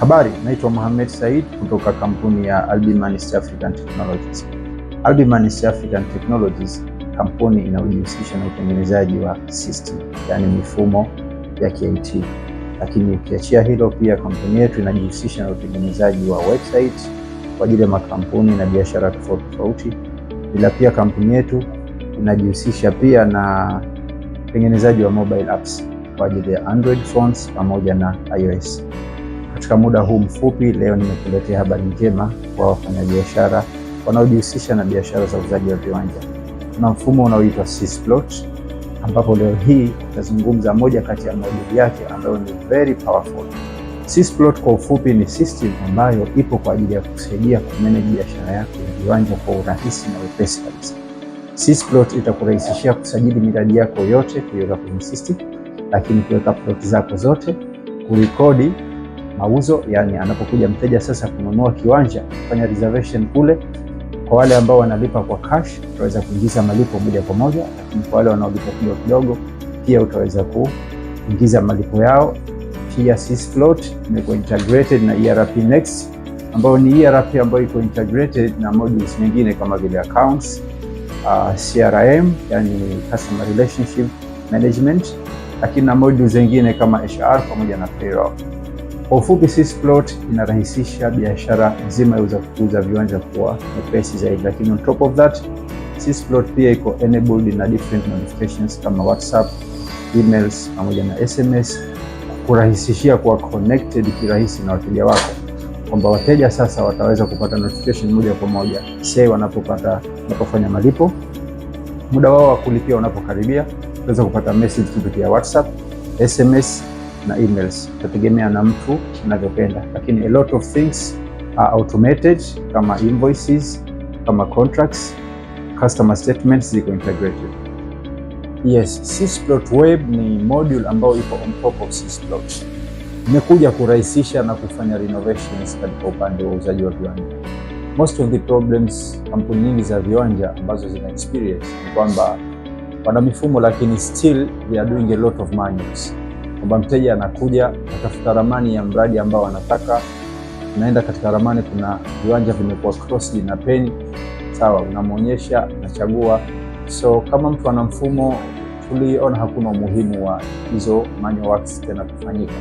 Habari, naitwa Mohamed Said kutoka kampuni ya Albiman East African Technologies. Albiman East African Technologies, kampuni inayojihusisha na utengenezaji wa system, yaani mifumo ya KIT. Lakini ukiachia hilo, pia kampuni yetu inajihusisha na utengenezaji wa website kwa ajili ya makampuni na biashara tofauti tofauti, ila pia kampuni yetu inajihusisha pia na utengenezaji wa mobile apps kwa ajili ya Android phones pamoja na iOS. Katika muda huu mfupi, leo nimekuletea habari njema kwa wafanyabiashara wanaojihusisha na biashara za uuzaji wa viwanja. Kuna mfumo unaoitwa Sisplot, ambapo leo hii tutazungumza moja kati ya moduli yake ambayo ni very powerful. Sisplot kwa ufupi ni system ambayo ipo kwa ajili ya kusaidia kumanage biashara yako ya viwanja kwa urahisi na wepesi kabisa. Sisplot itakurahisishia kusajili miradi yako yote kuiweka kwenye system, lakini kuweka plot zako zote, kurekodi mauzo, yani anapokuja mteja sasa kununua kiwanja, kufanya reservation kule. Kwa wale ambao wanalipa kwa cash, utaweza kuingiza malipo moja kwa moja, lakini kwa wale wanaolipa kidogo kidogo, pia utaweza kuingiza malipo yao. Pia float imekuwa integrated na ERP Next, ambayo ni ERP ambayo iko integrated na modules nyingine kama vile accounts, uh, CRM yani customer relationship management, lakini na modules zingine kama HR pamoja na payroll. Kwa ufupi, sisi plot inarahisisha biashara nzima ya kuuza viwanja kuwa nyepesi zaidi, lakini on top of that sisi plot pia iko enabled na different notifications kama WhatsApp, emails pamoja na SMS kurahisishia kuwa connected kirahisi na wateja wako, kwamba wateja sasa wataweza kupata notification moja kwa moja sasa wanapopata wanapofanya malipo, muda wao wa kulipia unapokaribia, unaweza kupata message kupitia WhatsApp, SMS na emails, itategemea na mtu anavyopenda, lakini a lot of things are automated kama invoices, kama contracts, customer statements ziko integrated. Yes, Sysplot Web ni module ambayo ipo on top of Sysplot. Imekuja kurahisisha na kufanya renovations katika upande wa uuzaji wa viwanja. Most of the problems kampuni nyingi za viwanja ambazo zina experience ni kwamba wana mifumo lakini still they are doing a lot of manuals kwamba mteja anakuja atafuta ramani ya mradi ambao anataka, unaenda katika ramani, kuna viwanja vimekuwa krosi na peni, sawa, unamwonyesha anachagua. So kama mtu ana mfumo, tuliona hakuna umuhimu wa hizo manual works tena kufanyika.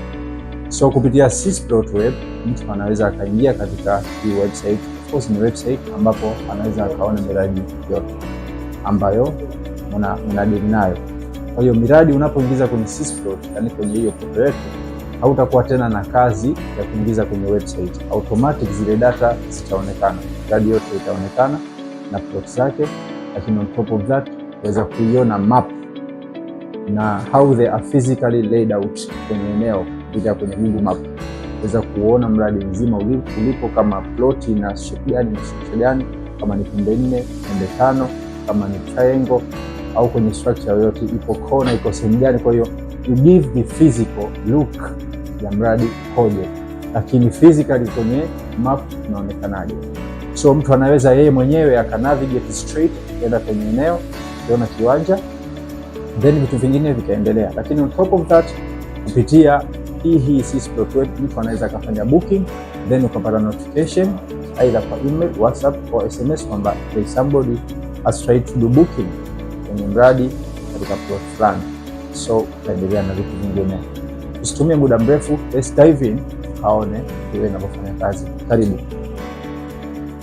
So kupitia Sys.web mtu anaweza akaingia katika hii website, of course ni website ambapo anaweza akaona miradi yote ambayo mnadili nayo. Kwa hiyo miradi unapoingiza kwenye SysFloat, yani kwenye hiyo poto yetu, hautakuwa tena na kazi ya kuingiza kwenye website. Automatic zile data zitaonekana, miradi yote itaonekana na plot zake, lakini on top of that waweza kuiona map na how they are physically laid out kwenye eneo kupitia kwenye Google Map, weza kuona mradi mzima ulipo kama ploti na shape gani na shape gani, kama ni pembe nne, pembe tano, kama ni triangle au kwenye structure yoyote, ipo kona, iko sehemu gani. Kwa hiyo you give the physical look ya mradi koje, lakini physically kwenye map unaonekanaje? So mtu anaweza yeye mwenyewe aka navigate street kwenda kwenye eneo kiona kiwanja, then vitu vingine vitaendelea, lakini on top of that kupitia hii hii spot web mtu anaweza akafanya booking then ukapata notification either kwa email, WhatsApp or SMS kwamba there is somebody has tried to do booking kwenye mradi katika plot fulani, so utaendelea na vitu vingine. Usitumie muda mrefu, dive in, kaone vile inavyofanya kazi. Karibu.